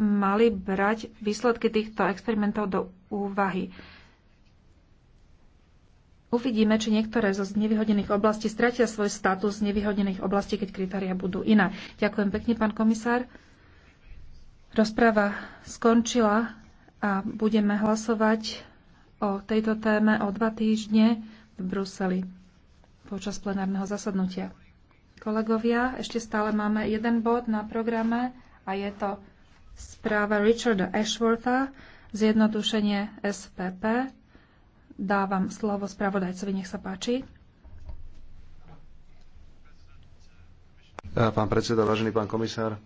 mali brať výsledky týchto experimentov do úvahy. Uvidíme, či niektoré zo nevyhodených oblastí stratia svoj status z nevyhodených oblastí, keď kritéria budú iné. Ďakujem pekne, pán komisár. Rozpráva skončila a budeme hlasovať o tejto téme o dva týždne v Bruseli počas plenárneho zasadnutia. Kolegovia, ešte stále máme jeden bod na programe a je to Správa Richarda Ashwortha, zjednodušenie SPP. Dávam slovo spravodajcovi, nech sa páči. Pán predseda, vážený pán komisár,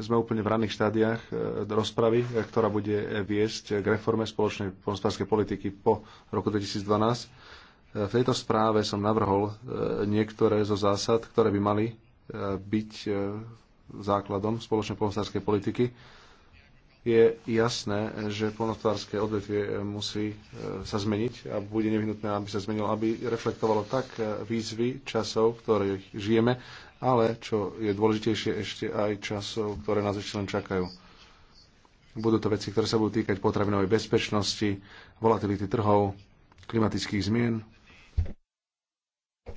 sme úplne v ranných štádiách e, rozpravy, e, ktorá bude e, viesť k reforme spoločnej poľnospodárskej politiky po roku 2012. V tejto správe som navrhol niektoré zo zásad, ktoré by mali byť základom spoločnej polnohospodárskej politiky, je jasné, že polnohospodárske odvetvie e, musí e, sa zmeniť a bude nevyhnutné, aby sa zmenilo, aby reflektovalo tak e, výzvy časov, ktorých žijeme, ale čo je dôležitejšie ešte aj časov, ktoré nás ešte len čakajú. Budú to veci, ktoré sa budú týkať potravinovej bezpečnosti, volatility trhov, klimatických zmien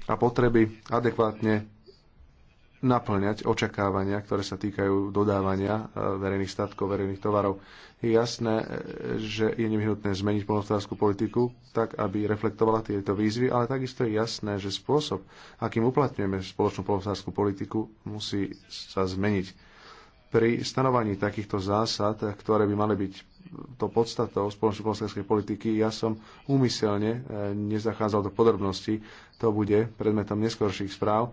a potreby adekvátne naplňať očakávania, ktoré sa týkajú dodávania e, verejných statkov, verejných tovarov. Je jasné, e, že je nevyhnutné zmeniť polnohospodárskú politiku tak, aby reflektovala tieto výzvy, ale takisto je jasné, že spôsob, akým uplatňujeme spoločnú polnohospodárskú politiku, musí sa zmeniť. Pri stanovaní takýchto zásad, ktoré by mali byť to podstatou spoločnej polnohospodárskej politiky, ja som úmyselne e, nezachádzal do podrobností, to bude predmetom neskorších správ,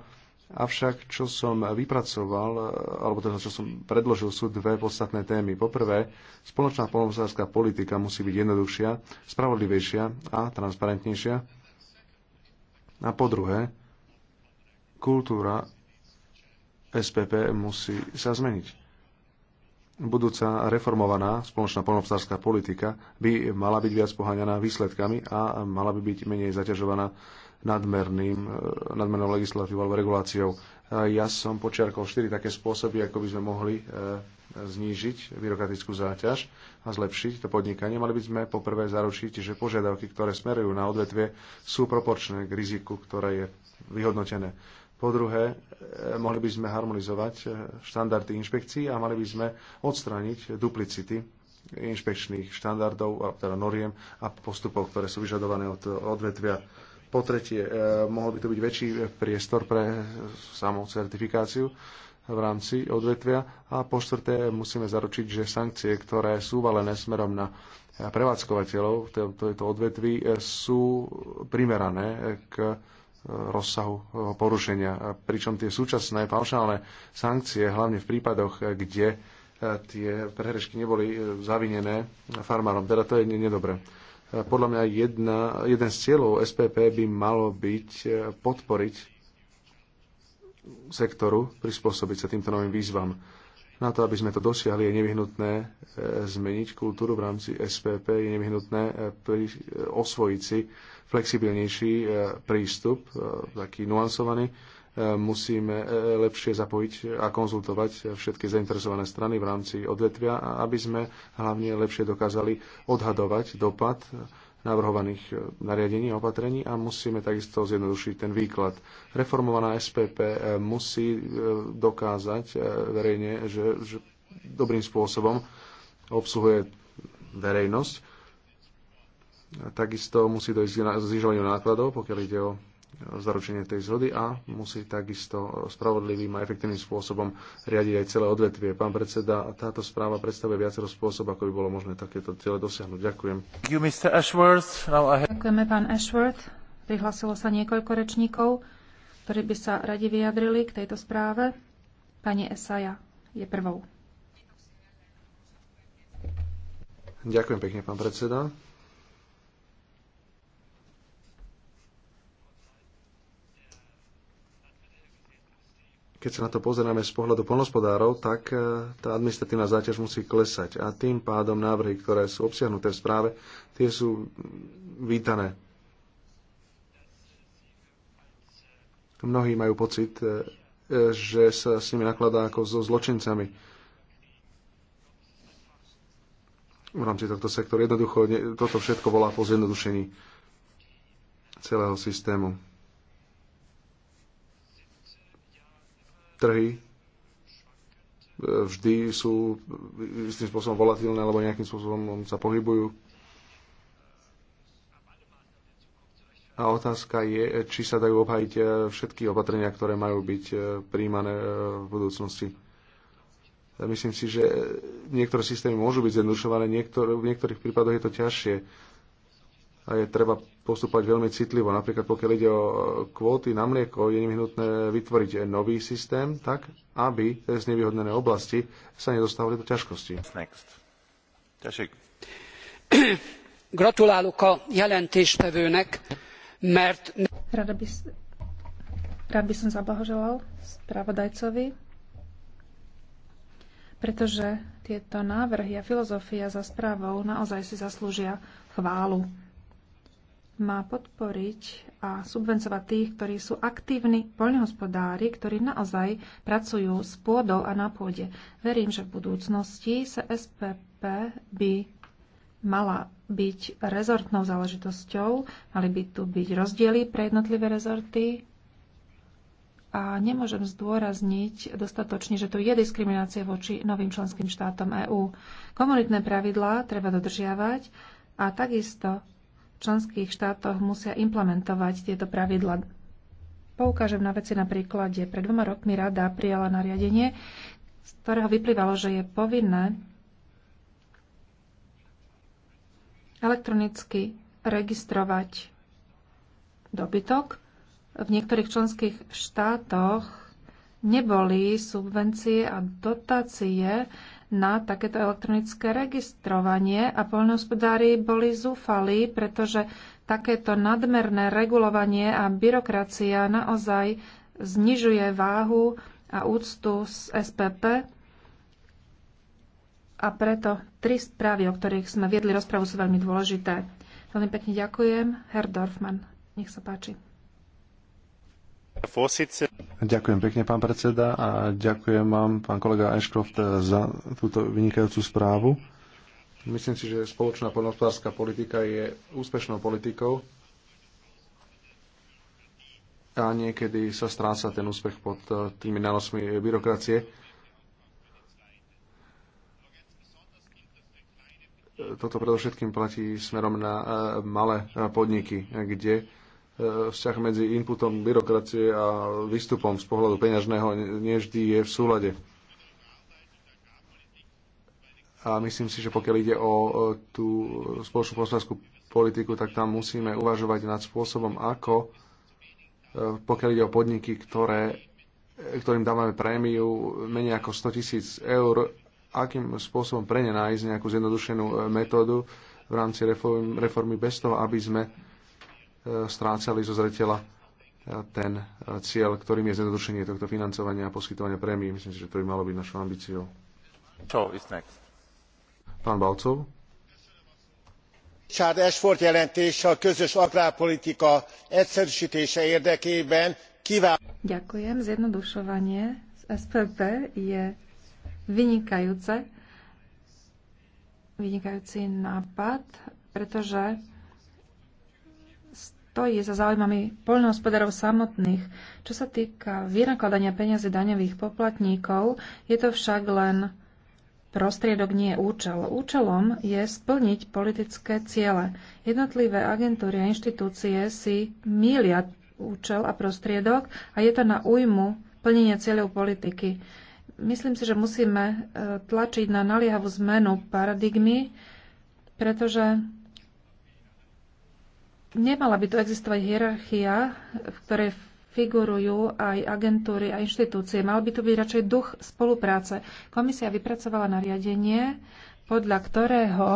Avšak, čo som vypracoval, e, alebo teda, čo som predložil, sú dve podstatné témy. Poprvé, spoločná polnohospodárska politika musí byť jednoduchšia, spravodlivejšia a transparentnejšia. A po druhé, kultúra SPP musí sa zmeniť. Budúca reformovaná spoločná polnohospodárska politika by mala byť viac poháňaná výsledkami a mala by byť menej zaťažovaná nadmerným, e, nadmernou legislatívou alebo reguláciou. E, ja som počiarkol štyri také spôsoby, ako by sme mohli e, znížiť byrokratickú záťaž a zlepšiť to podnikanie. Mali by sme poprvé zaručiť, že požiadavky, ktoré smerujú na odvetvie, sú proporčné k riziku, ktoré je vyhodnotené. Po druhé, mohli by sme harmonizovať štandardy inšpekcií a mali by sme odstrániť duplicity inšpekčných štandardov, teda noriem a postupov, ktoré sú vyžadované od odvetvia po tretie, e, mohol by to byť väčší priestor pre samú certifikáciu v rámci odvetvia. A po štvrté, musíme zaručiť, že sankcie, ktoré sú valené smerom na prevádzkovateľov tejto odvetví, e, sú primerané k e, rozsahu porušenia. Pričom tie súčasné paušálne sankcie, hlavne v prípadoch, kde tie prehrešky neboli zavinené farmárom. Teda to je nedobré. E, podľa mňa jedna, jeden z cieľov SPP by malo byť e, podporiť sektoru, prispôsobiť sa týmto novým výzvam. Na to, aby sme to dosiahli, je nevyhnutné e, zmeniť kultúru v rámci SPP, je nevyhnutné osvojiť si flexibilnejší prístup, taký nuansovaný, musíme e, e, lepšie zapojiť a konzultovať všetky zainteresované strany v rámci odvetvia, aby sme hlavne lepšie dokázali odhadovať dopad navrhovaných e, nariadení a opatrení a musíme takisto zjednodušiť ten výklad. Reformovaná SPP musí dokázať verejne, že, že dobrým spôsobom obsluhuje verejnosť. Takisto musí dojsť k znižovaniu nákladov, pokiaľ ide o zaručenie tej zhody a musí takisto spravodlivým a efektívnym spôsobom riadiť aj celé odvetvie. Pán predseda, táto správa predstavuje viacero spôsob, ako by bolo možné takéto cieľe dosiahnuť. Ďakujem. You, Ďakujeme, pán Ashworth. Prihlasilo sa niekoľko rečníkov, ktorí by sa radi vyjadrili k tejto správe. Pani Esaja je prvou. Ďakujem pekne, pán predseda. keď sa na to pozeráme z pohľadu polnospodárov, tak e, tá administratívna záťaž musí klesať a tým pádom návrhy, ktoré sú obsiahnuté v správe, tie sú vítané. Mnohí majú pocit, e, e, že sa s nimi nakladá ako so zločincami. V rámci tohto sektoru jednoducho toto všetko volá po zjednodušení celého systému trhy e, vždy sú istým spôsobom volatilné alebo nejakým spôsobom sa pohybujú. A otázka je, či sa dajú obhajiť e, všetky opatrenia, ktoré majú byť e, príjmané v budúcnosti. Myslím si, že niektoré systémy môžu byť zjednodušované, v niektorých prípadoch je to ťažšie a je treba postupovať veľmi citlivo. Napríklad pokiaľ ide o e, kvóty na mlieko, je nevyhnutné vytvoriť nový systém tak, aby z nevyhodnené oblasti sa nedostávali do ťažkosti. Gratulálok a jelentéstevőnek, mert... Rada by, rád by som zablahoželal spravodajcovi, pretože tieto návrhy a filozofia za správou naozaj si zaslúžia chválu má podporiť a subvencovať tých, ktorí sú aktívni poľnohospodári, ktorí naozaj pracujú s pôdou a na pôde. Verím, že v budúcnosti sa SPP by mala byť rezortnou záležitosťou, mali by tu byť rozdiely pre jednotlivé rezorty a nemôžem zdôrazniť dostatočne, že tu je diskriminácia voči novým členským štátom EÚ. Komunitné pravidlá treba dodržiavať a takisto členských štátoch musia implementovať tieto pravidla. Poukážem na veci na príklade. Pred dvoma rokmi rada prijala nariadenie, z ktorého vyplývalo, že je povinné elektronicky registrovať dobytok. V niektorých členských štátoch neboli subvencie a dotácie na takéto elektronické registrovanie a poľnohospodári boli zúfali, pretože takéto nadmerné regulovanie a byrokracia naozaj znižuje váhu a úctu z SPP a preto tri správy, o ktorých sme viedli rozpravu, sú veľmi dôležité. Veľmi pekne ďakujem. Herr Dorfman, nech sa páči. Ďakujem pekne, pán predseda, a ďakujem vám, pán kolega Ashcroft, za túto vynikajúcu správu. Myslím si, že spoločná poľnohospodárska politika je úspešnou politikou a niekedy sa stráca ten úspech pod tými nánosmi byrokracie. Toto predovšetkým platí smerom na eh, malé podniky, kde E, vzťah medzi inputom byrokracie a výstupom z pohľadu peňažného nie vždy je v súlade. A myslím si, že pokiaľ ide o e, tú spoločnú poslanskú politiku, tak tam musíme uvažovať nad spôsobom, ako e, pokiaľ ide o podniky, ktoré, ktorým dávame prémiu menej ako 100 tisíc eur, akým spôsobom pre ne nájsť nejakú zjednodušenú metódu v rámci reformy bez toho, aby sme strácali zo zreteľa e, ten e, cieľ, ktorým je zjednodušenie tohto financovania a poskytovania prémií. Myslím si, že to by malo byť našou ambíciou. Čo is next? Pán Balcov. Richard Ashford jelentés a közös agrárpolitika egyszerűsítése érdekében kivá... Ďakujem. Zjednodušovanie z SPP je vynikajúce, vynikajúci nápad, pretože je za záujmami poľnohospodárov samotných. Čo sa týka vynakladania peniazy daňových poplatníkov, je to však len prostriedok, nie účel. Účelom je splniť politické ciele. Jednotlivé agentúry a inštitúcie si mília účel a prostriedok a je to na újmu plnenia cieľov politiky. Myslím si, že musíme e, tlačiť na naliehavú zmenu paradigmy, pretože Nemala by tu existovať hierarchia, v ktorej figurujú aj agentúry a inštitúcie. Mal by tu byť radšej duch spolupráce. Komisia vypracovala nariadenie, podľa ktorého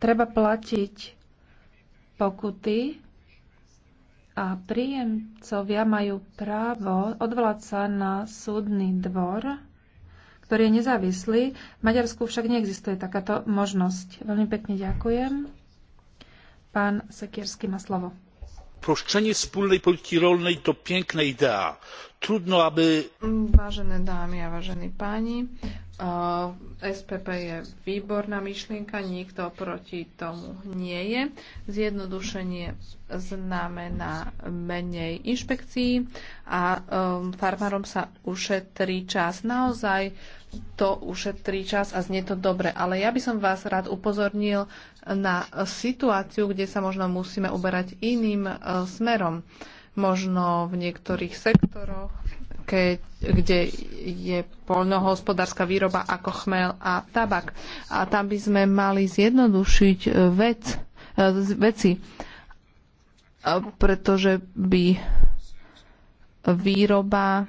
treba platiť pokuty a príjemcovia majú právo odvolať sa na súdny dvor ktorý je nezávislý. V Maďarsku však neexistuje takáto možnosť. Veľmi pekne ďakujem. Pán Sekierský má slovo. Proščenie spolnej politiky rolnej to piękna ideá. Trudno, aby... Vážené dámy a vážení páni, Eh, SPP je výborná myšlienka, nikto proti tomu nie je. Zjednodušenie znamená menej inšpekcií a ehm, farmárom sa ušetrí čas. Naozaj to ušetrí čas a znie to dobre, ale ja by som vás rád upozornil na situáciu, kde sa možno musíme uberať iným eh, smerom. Možno v niektorých sektoroch keď, kde je poľnohospodárska výroba ako chmel a tabak. A tam by sme mali zjednodušiť e, vec, e, veci, pretože by výroba e,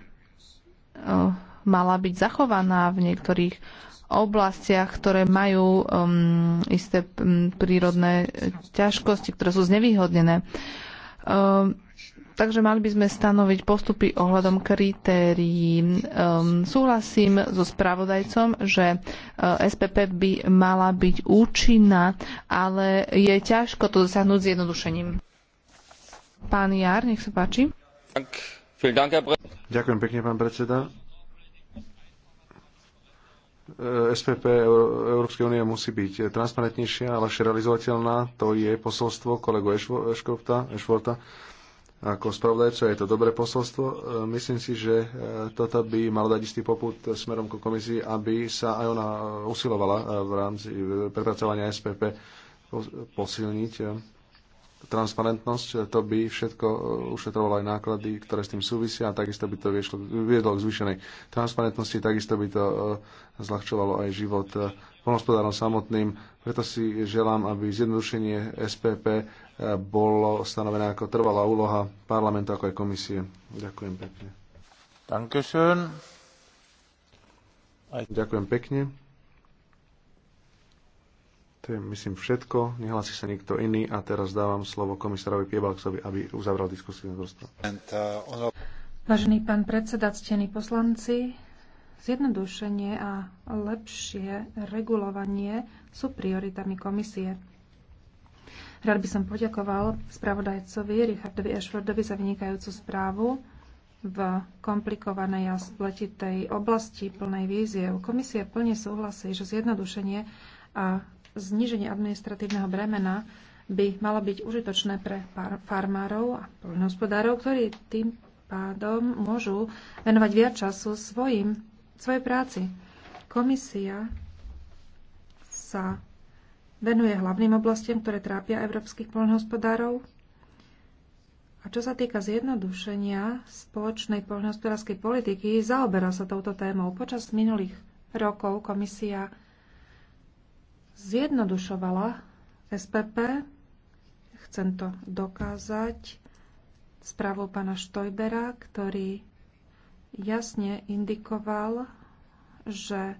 mala byť zachovaná v niektorých oblastiach, ktoré majú um, isté prírodné ťažkosti, ktoré sú znevýhodnené. Um, Takže mali by sme stanoviť postupy ohľadom kritérií. Um, súhlasím so spravodajcom, že uh, eh, SPP by mala byť účinná, ale je ťažko to dosiahnuť zjednodušením. Pán Jar, nech sa páči. Ďakujem pekne, pán predseda. Eh, SPP Európskej únie musí byť transparentnejšia a lepšie realizovateľná. To je posolstvo kolegu Ešforta. Ešvorta ako spravodajcov, je to dobré posolstvo. E, myslím si, že e, toto by malo dať istý poput smerom ku komisii, aby sa aj ona usilovala e, v rámci prepracovania SPP posilniť transparentnosť, to by všetko e, ušetrovalo aj náklady, ktoré s tým súvisia a takisto by to viedlo k zvýšenej transparentnosti, takisto by to e, zľahčovalo aj život e, polnospodárom samotným. Preto si želám, aby zjednodušenie SPP bolo stanovené ako trvalá úloha parlamentu ako aj komisie. Ďakujem pekne. Ďakujem pekne je, myslím, všetko. Nehlási sa nikto iný a teraz dávam slovo komisárovi Piebalksovi, aby uzavral diskusiu na rozprávu. Vážený pán predseda, ctení poslanci, zjednodušenie a lepšie regulovanie sú prioritami komisie. Rád by som poďakoval spravodajcovi Richardovi Ashfordovi za vynikajúcu správu v komplikovanej a spletitej oblasti plnej víziev. Komisia plne súhlasí, že zjednodušenie a zníženie administratívneho bremena by malo byť užitočné pre farmárov a poľnohospodárov, ktorí tým pádom môžu venovať viac času svojim, svojej práci. Komisia sa venuje hlavným oblastiam, ktoré trápia európskych poľnohospodárov. A čo sa týka zjednodušenia spoločnej poľnohospodárskej politiky, zaoberá sa touto témou. Počas minulých rokov komisia zjednodušovala SPP. Chcem to dokázať správou pána Štojbera, ktorý jasne indikoval, že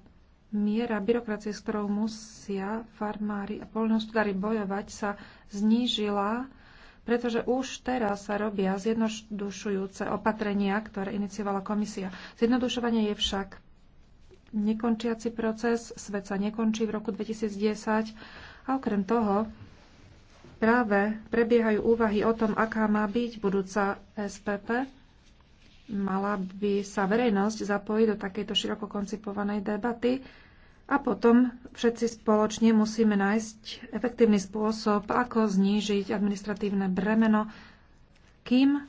miera byrokracie, s ktorou musia farmári a poľnohospodári bojovať, sa znížila, pretože už teraz sa robia zjednodušujúce opatrenia, ktoré iniciovala komisia. Zjednodušovanie je však nekončiaci proces, svet sa nekončí v roku 2010 a okrem toho práve prebiehajú úvahy o tom, aká má byť budúca SPP. Mala by sa verejnosť zapojiť do takejto široko koncipovanej debaty a potom všetci spoločne musíme nájsť efektívny spôsob, ako znížiť administratívne bremeno, kým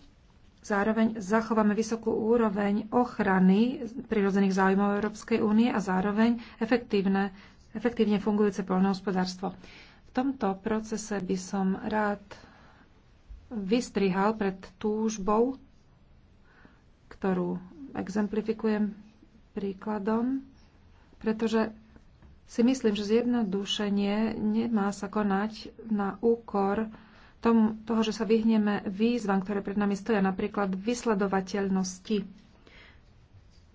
Zároveň zachováme vysokú úroveň ochrany prirodzených záujmov Európskej únie a zároveň efektívne, efektívne fungujúce poľnohospodárstvo. V tomto procese by som rád vystrihal pred túžbou, ktorú exemplifikujem príkladom, pretože si myslím, že zjednodušenie nemá sa konať na úkor tomu, toho, že sa vyhneme výzvam, ktoré pred nami stoja, napríklad vysledovateľnosti.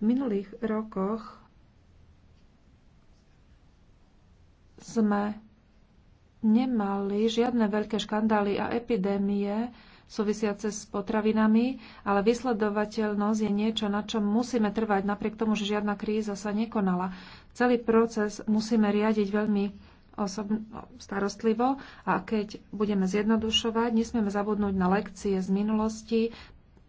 V minulých rokoch sme nemali žiadne veľké škandály a epidémie súvisiace s potravinami, ale vysledovateľnosť je niečo, na čom musíme trvať, napriek tomu, že žiadna kríza sa nekonala. Celý proces musíme riadiť veľmi osobno, starostlivo a keď budeme zjednodušovať, nesmieme zabudnúť na lekcie z minulosti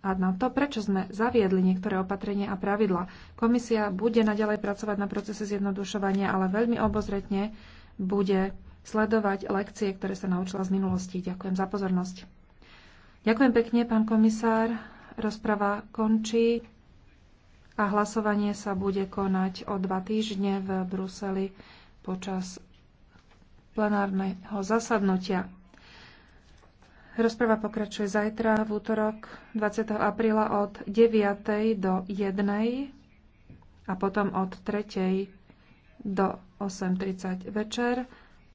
a na to, prečo sme zaviedli niektoré opatrenia a pravidla. Komisia bude naďalej pracovať na procese zjednodušovania, ale veľmi obozretne bude sledovať lekcie, ktoré sa naučila z minulosti. Ďakujem za pozornosť. Ďakujem pekne, pán komisár. Rozprava končí a hlasovanie sa bude konať o dva týždne v Bruseli počas plenárneho zasadnutia. Rozprava pokračuje zajtra v útorok 20. apríla od 9. do 1. a potom od 3. do 8.30 večer.